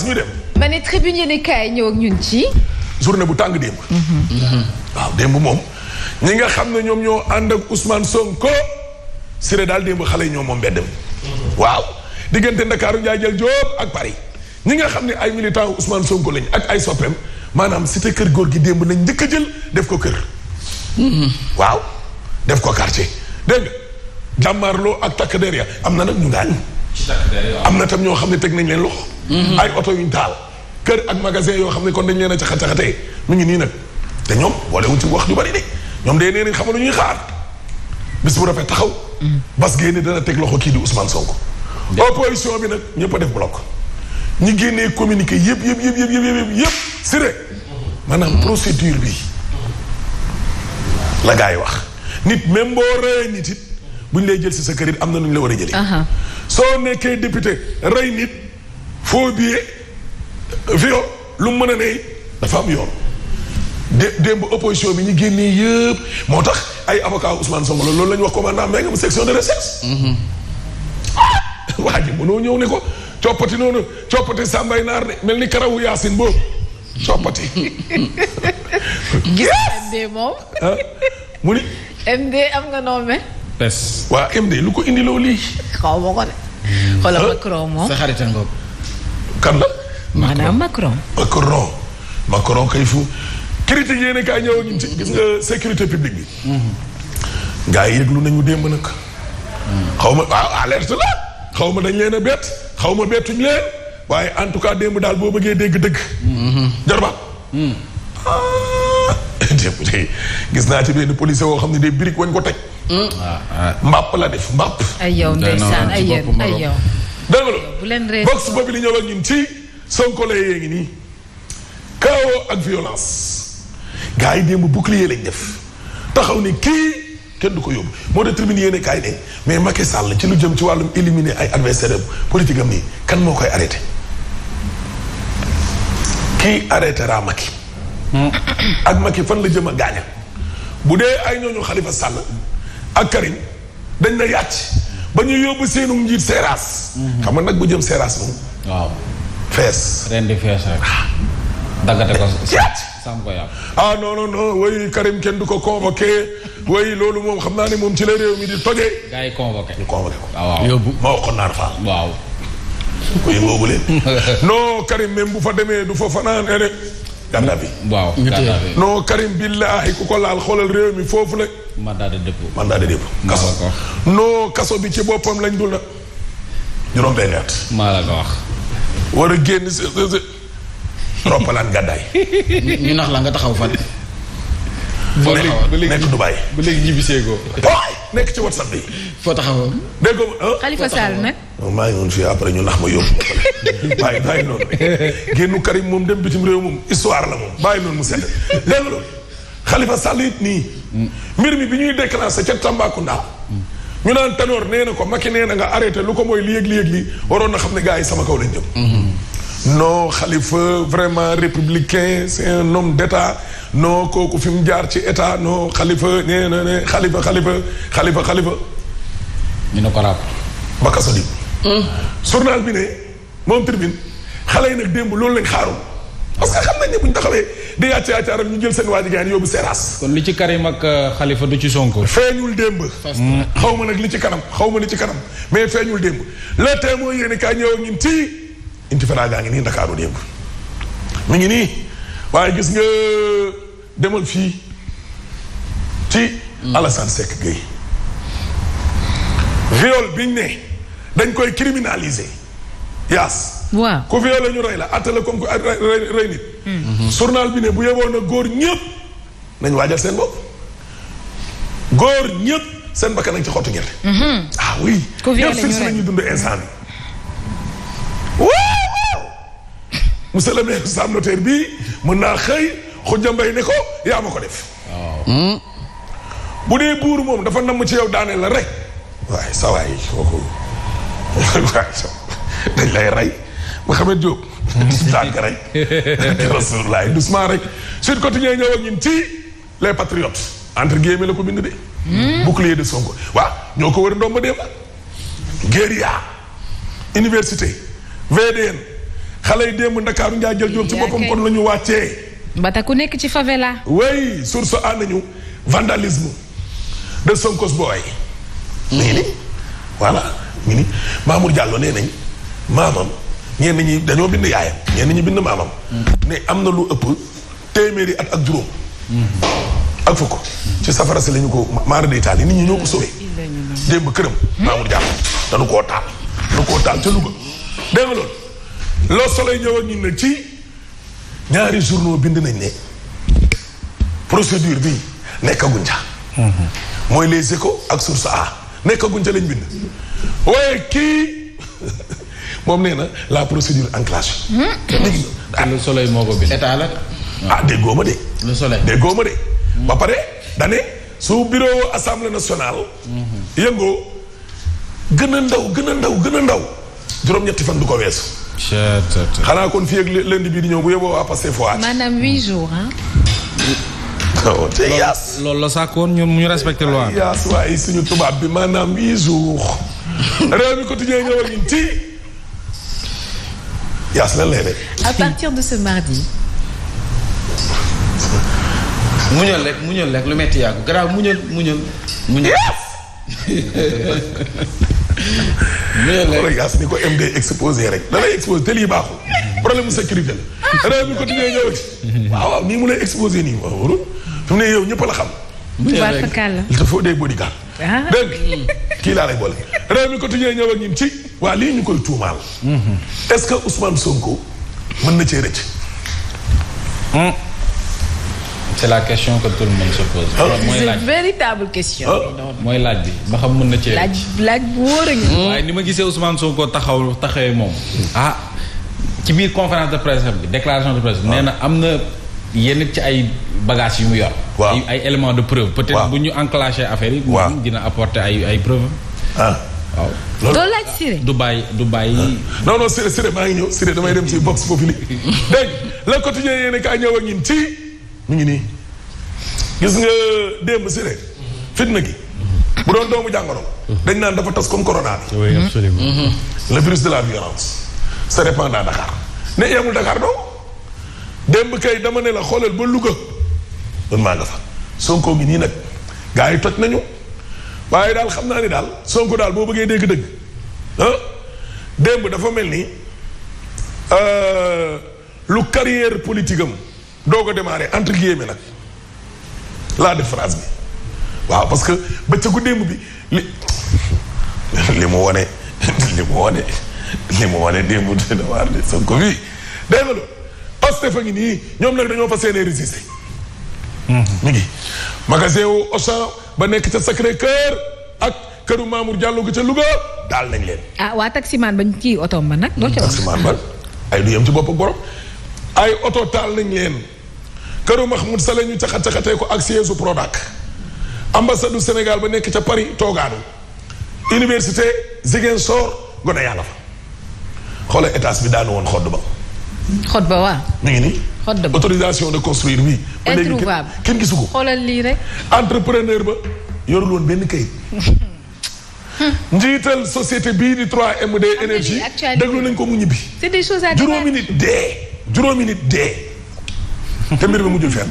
suñu dem. ma ne tribune yéen kaay ñëw ak ñun ci. journée bu tàng démb. waaw démb moom ñi nga xam ne ñoom ñoo ànd ak Ousmane Sonko Siré daal démb xale ñoo moom moom mbeddam waaw diggante Ndakaaru Ndiaye jël Diop ak Paris ñi nga xam ne ay militant Ousmane Sonko lañ ak ay soppeem maanaam cité kër góor gi démb nañ njëkk a jël def ko kër. waaw def ko quartier dégg nga ak takk der ya am na nag ñu gaañ. am na tam ñoo xam ne teg nañ leen loxo. Mm-hmm. ay oto yuñ taal kër ak magasin yoo xam ne kon dañ leen a caxa-caxatee mu ngi nii nag te ñoom boole wuñ ci wax ju bari de ñoom day nee nañ xamal ñuy xaar bis bu rafet taxaw mm-hmm. bas génne dana teg loxo kii di Ousmane Sonko opposition bi nag ñëpp a def bloc ñi génnee communiqué yëpp yëpp yëpp yëpp yëpp yëpp si rek mm-hmm. maanaam procédure bi la gaa yi wax nit même boo rey nit it bu ñu lay jël si sa kër it am na nu ñu la war a jëlee soo nekkee député rey nit faux billet viol lu mu mën a ne dafa am yoon dé démb opposition bi ñu génnee yëpp moo tax ay avocat Ousmane Sonko loolu la ñu wax commandant Mbengue section de recherche mm-hmm. ne ko coppati noonu coppati sàmbay naar de mel ni karawu yaasin boobu coppati gis MD moom ah, mu ni MD am nga noome pes waa MD lu ko indi loo lii xaw ma ko de xoolal ah. Macron moom sa xaritan boobu kan la. maanaam Macron Macron. Macron kay fu. critique yéen a kaay ñëw ñu ci nga sécurité publique bi. Mm-hmm. gars yi yëglu nañu démb nag. xaw ma waaw alerte la xaw ma dañ leen a bett xaw ma bettuñ leen waaye en tout cas démb daal boo bëggee dégg dëgg. Mm-hmm. jarbaat. Mm. Ah. gis naa ci benn policier woo xam ne de birig wañ ko teg. Mm. mbàpp la def mbàpp. ay yow ndeysaan ay dégg nga bu leen réer box boobu li ñëw ak ñun ci Sonko la yee ngi nii chaos ak violence gars yi démb bouclier lañ def taxaw ni kii kenn du ko yóbbu moo de tribune yéene kaay ne mais Macky sàll ci lu jëm ci wàllum éliminer ay adversaire politique am nii kan moo koy arrêté kii arrêtera Macky hmm. ak Macky fan la jëm a gaaña bu dee ay ñooñu Khalifa sàll ak Karim dañ na yàcc ba ñuy yóbbu seenu njiit seeraas. Mhm. xam nag bu jëm seeraas moom. waaw fees. ren di fees rek. Ah. daggate ko sam ko yàpp ah non non non way Karim kenn du ko convoqué way loolu moom xam naa ne moom ci la réew mi di tojee. gars convoqué ñu convoqué ko. Ah, yóbbu ma ko naar faal. waaw. koy yëngoogu leen. non Karim même bu fa demee du fa fanaan eh, de. gànnaar bi. waaw gànnaar bi non Karim billaahi ku ko laal xoolal réew mi foofu la. mandat de dépôt. mandat de dépôt kaso. non kaso bi ci boppam lañu dul la. juróom benn at. maa la ko ñu nax la nga taxaw fan. foo taxawoon ba léegi nekk Dubaay. ba léegi ñibbi seegoo. nekk ci whatsapp bi. foo taxawoon. dégg nga ah? Khalifa Sall nag. moom maa ngi woon fii après ñu nax ma yóbbu bàyyi bàyyi noonu rek génnu Karim moom dem bitim réew moom histoire la moom bàyyi noonu mu sedd dégg nga Khalifa Sall it nii mbir mi bi ñuy déclenché ca Tambacounda ñu naan Tanor nee ko ma nee na nga arrêté lu ko mooy li yëg-li yëg li waroon na xam ne gaa yi sama kaw lañ jëm mhm. non Khalifa vraiment républicain c'est un homme d'état non kooku fi mu jaar ci état non Khalifa nee na ne Khalifa Khalifa Khalifa Khalifa ñu ne ko raap journal bi ne moom tribune xale yi nag démb loolu lañ xaaru parce que xam nañ ne bu ñu taxawee di yàcca yàccaaral ñu jël seen waa jigéen yóbbu Seras. kon li ci Karim ak euh, Khalifa du ci Sonko. feeñul démb. Mm. xaw ma nag li ci kanam xaw ma li ci kanam mais feeñul démb le thème mooy yéen kaa ñëw ak ñun tii intifada gaa ngi nii Ndakaaru démb mi ngi nii waaye gis nga demal fii ci. Mm. Alassane Seck Gueye viol biñ ne. dañ koy criminaliser yaas. waaw ku fi la ñu rey la attale comme rey nit. Mm-hmm. journal bi ne bu yeboon na góor ñëpp nañ waajal seen bopp góor ñëpp seen bakkan nañ ci xottu gerte. Mm-hmm. ah oui. ku fi la ñu rey ñuy bi. monsieur mën naa xëy Khoudia Mbaye ne ko yaa ma ko def. Mm. bu dee buur moom dafa namm ci yow daaneel la rek. waaye sa dañ lay rey Mouhamed Diop. tànk rek rasulullah doucement rek Sud Quotidien ñëw ak ñun ci les patriotes entre guillemets la ko bind de. Hmm. bouclier de Sonko waa ñoo ko wër ndomba dem guérilla université VDN xale yi démb Ndakaaru ngaa jël jóob ci boppam kon la wàcce wàccee. ba ku nekk ci favela. oui source a nañu vandalisme de Sonko's boy. Hmm. léegi voilà. mu ni Mamour Diallo nee nañ maamam ñenn ñi dañoo bind yaayam ñenn ñi bind maamam. ne am na lu ëpp téeméeri at ak juróom. ak fukk ci safara si lañu ko maar day taal yi nit ñi ñoo ko démb këram. Mamour Diallo dañu ko taal. dañu koo taal ca Louga dégg nga loolu. Le Soleil ñëw ñun ne ci ñaari journaux bind nañ ne procédure bi nekkaguñ ca. Mm-hmm. mooy les échos ak source A. nekkaguñ ca lañ bind. waaye kii moom nee na la procédure enclenchée. Hmm? dégg nga ah. le soleil moo ko bind. état la ah déggoo ma de. déggoo ma de. Hmm. ba pare dane su bureau assemblée nationale. Hmm. yëngoo gën a ndaw gën a ndaw gën a ndaw juróom-ñetti fan du ko weesu. xanaa kon fii ak lundi bii di ñëw bu yóbboo waa passé fois. maanaam huit jours ah. te yaas loolu la sàkkoon ñoom ñu respecté loi yaas waaye suñu tubaab bi maanaam huit jours réew mi quotidien ñëw ak ñun ci yaas lan lay def à partir de ce mardi muñal rek muñal rek lu metti yàggu garaaw mu muñal muñal yaas ni ko MD exposé rek da lay exposé te lii baaxul problème mu sécurité la ah. réew mi quotidien ñëw ak waaw waaw nii mu lay exposé nii waaw warul su ne yow ñëpp la xam. li te foo dee bodyguard. Ah. dégg mm. kii laa lay boole. réew mi quotidien ñëw ak ñun ci. waa lii ñu koy tuumaal. Mm-hmm. est-ce que Ousmane Sonko mën na cee rëcc. Hmm. c'est la question que tout le monde ah. ah. mooy laaj bi ba mën na cee laaj laaj bu wóor a ngi. Hmm. waaye ni ma gisee Ousmane Sonko taxaw taxawee moom. ah ci biir conférence de presse bi déclaration de presse. nee na am na yenn ci ay. bagages yu mu yor. ay éléments de preuve. peut-être bu ñu enclenché affaire yi. waaw dina apporter ay ay preuve ah waaw. loolu doo laaj Siré. du bàyyi du bàyyi. Ah. non non Siré maa ngi ñëw Siré damay dem ci box populi. dégg nga le quotidien yéen a kaa ñëw ak ñun ci mu ngi nii. gis nga démb Siré. fitna gi. bu doon doomu jàngoro. dañ naan dafa tas comme corona bi. oui mm-hmm. Mm-hmm. le virus de la violence. se répand à Dakar. ne yemul Dakar doo. démb kay dama ne la xoolal ba Louga. man maa nga fa Sonko ngi nii nag gars yi toj nañu waaye daal xam naa ni daal Sonko daal boo bëggee dégg dëgg ah, démb dafa mel ni euh, lu carrière politique am doo ko démarrer entre guillemets nag laa def phrase bi waaw parce que bëccëgu démb bi li li mu wane li mu wane li mu wane démb damaa ne Sonko bi dégg nga loolu Pastef ngi nii ñoom nag dañoo fas yéenee résister. Mhm. mi ngi magasin wu Auchan ba nekk ca Sacré ak këru Mamour Diallo ga ca Louga daal nañ leen. ah waa taximaan bañ kii otoom ba nag. loo ca taximaan ba ay du ci bopp ak ay oto taal nañ leen këru Mahmoud sa ñu caxat caxatee ko ak si su Prodac ambassade du Sénégal ba nekk ca Paris toogaanu université Ziguinchor gone yàlla fa xoolal état bi daanu woon xodd ba. xodd ba waaw. mi nii. code de bopp autorisation de construire oui. ba léegi kenn kenn gisu ko. xoolal lii rek. entrepreneur ba yorul woon benn kayit. njiital société bii di 3MD énergie déglu nañ ko mu ñibbi. c'est des choses à juróomi nit dee. juróomi nit dee. te mbir mi mujjul fenn.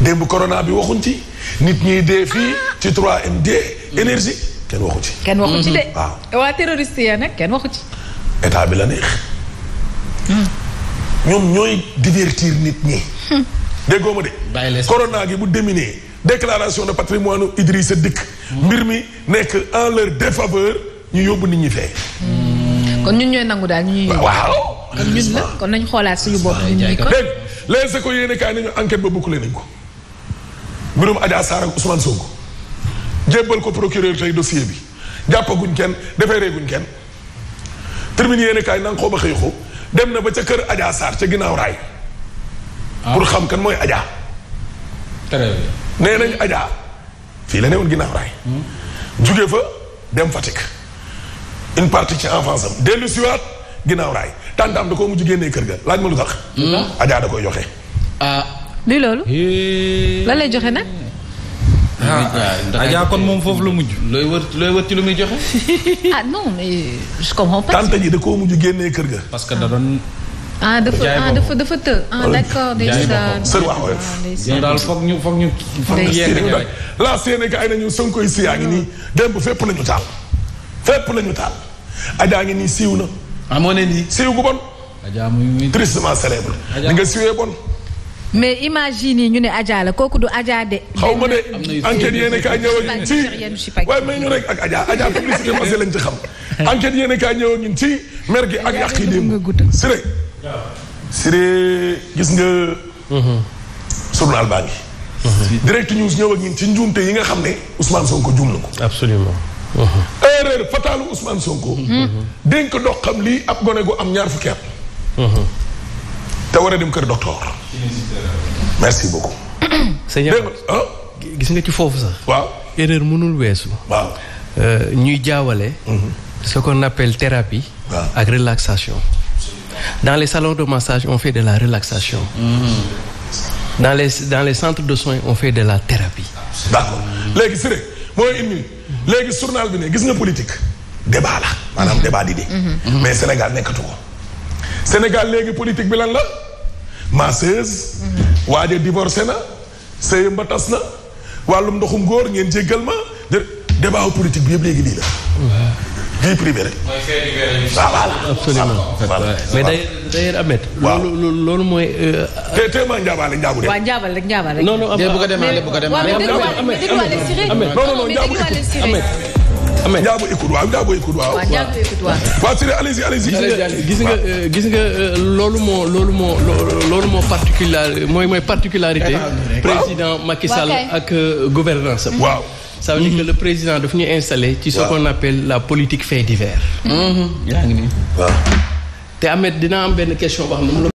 démb corona bi waxuñ ci nit ñiy dee fii ah! ci 3MD énergie kenn waxu ci. kenn waxu ci de. Mm-hmm. waaw waa terroriste ya kenn waxu ci. état bi la neex. ñoom ñooy divertir nit ñi. Hmm. déggoo ma de. bàyyi corona gi bu déminé déclaration de patrimoine Idrissa dikk. Hmm. mbir mi nekk en leur défaveur ñu yóbbu nit ñi fee. Hmm. kon ñun ñooy nangu daal ñu ñuy. waaw kon ñun la kon nañu xoolaat suñu bopp ñu ñuy ko. dégg nañu enquête ba bouclé nañ ko. mbirum Adja Sarr ak Ousmane jébbal ko procureur tey dossier bi jàppaguñ kenn defeereeguñ kenn terminé yéen kaay na nga xëy xoo dem na ba ca kër Adja Sarr ca ginnaaw raay. Ah. pour xam kan mooy Adja. très bien nañ Adja fii la newoon ginnaaw raay. Hmm. jugee fa dem Fatick. une partie ci enfance am dellu siwaat ginnaaw raay tàntaam da koo mujj génnee kër ga laaj ma lu tax. Hmm. Adja da koy joxe. ah. lii loolu. lan joxe nag. Ah, ah, Adja kon moom foofu la mujj. looy wër looy wër ci lu muy joxe. ah non mais je comprends pas. tante da koo mujj génnee kër ga. parce que da doon. ah dafa ah dafa dafa të. ah d'accord ndeysaan. sër waaw ah, yow daal foog ñu foog ñu. ndeysaan la Sénégal ay nañu Sonko yi ngi nii démb fépp la ñu taal. fépp la ñu taal. Adja ngi nii siiw na. amoon na nii siiw gu bon. Adja muy muy tristement célèbre. Adja nga siiwee bon. mais imagine yi ñu ne Adja kooku du Adja de. xaw ma de enquête yéen a kaay ñëw ak ñun ci waaye may ñu rek ak Adja Adja publicité marché lañ ci xam enquête yéen a kaay ñëw ak ñun ci mer ak yàq yi démb Siré Siré gis nga. journal baa ngi. Mhm. direct news ñëw ak ñun ci njuumte yi nga xam ne Ousmane Sonko juum na ko. absolument. Mhm. erreur fataalu Ousmane Sonko. Mhm. dénk dox xam lii ab gone gu am ñaar fukki at. te war kër docteur. merci beaucoup. sëñ ah. gis nga ci foofu sax. waaw erreur mënul weesu. waaw euh, ñuy jaawale. Mhm. ce qu'on appelle thérapie. waaw ak dans les salons de massage on de la relaxation. Mmh. les dans les centres de soins on fait de la thérapie. d'accord mooy une léegi journal bi ne gis nga politique. débat la maanaam débat d'idées. Mhm. mais Sénégal nekkatu ko. Sénégal léegi politique bi lan la. masseuse waaje divorcé na sëyam ba tas na wàllum ndoxum góor ngeen jéggal ma débat politique bi yëpp léegi nii la vie privée rek voilà mais d'ailleurs Ahmed loolu loolu mooy euh, te te ma njaabaale njaabu de waaw njaabal rek njaabal rek non non bu ko demaale bu ko demaale non non njaabu amee Ndiago écoute waaw Ndiago écoute waaw. waaw écoute waaw. waaw Siré allez-y allez-y. gis nga euh, gis nga euh, loolu moo loolu moo loolu moo particulier mooy mooy particularité. président Macky Sall ak euh, gouvernance am. waaw. ça veut dire que mhm. le président daf ñu installé. ci ce qu'on appelle la politique fait divers. Mhm. te Ahmed dina am benn question bo xam ne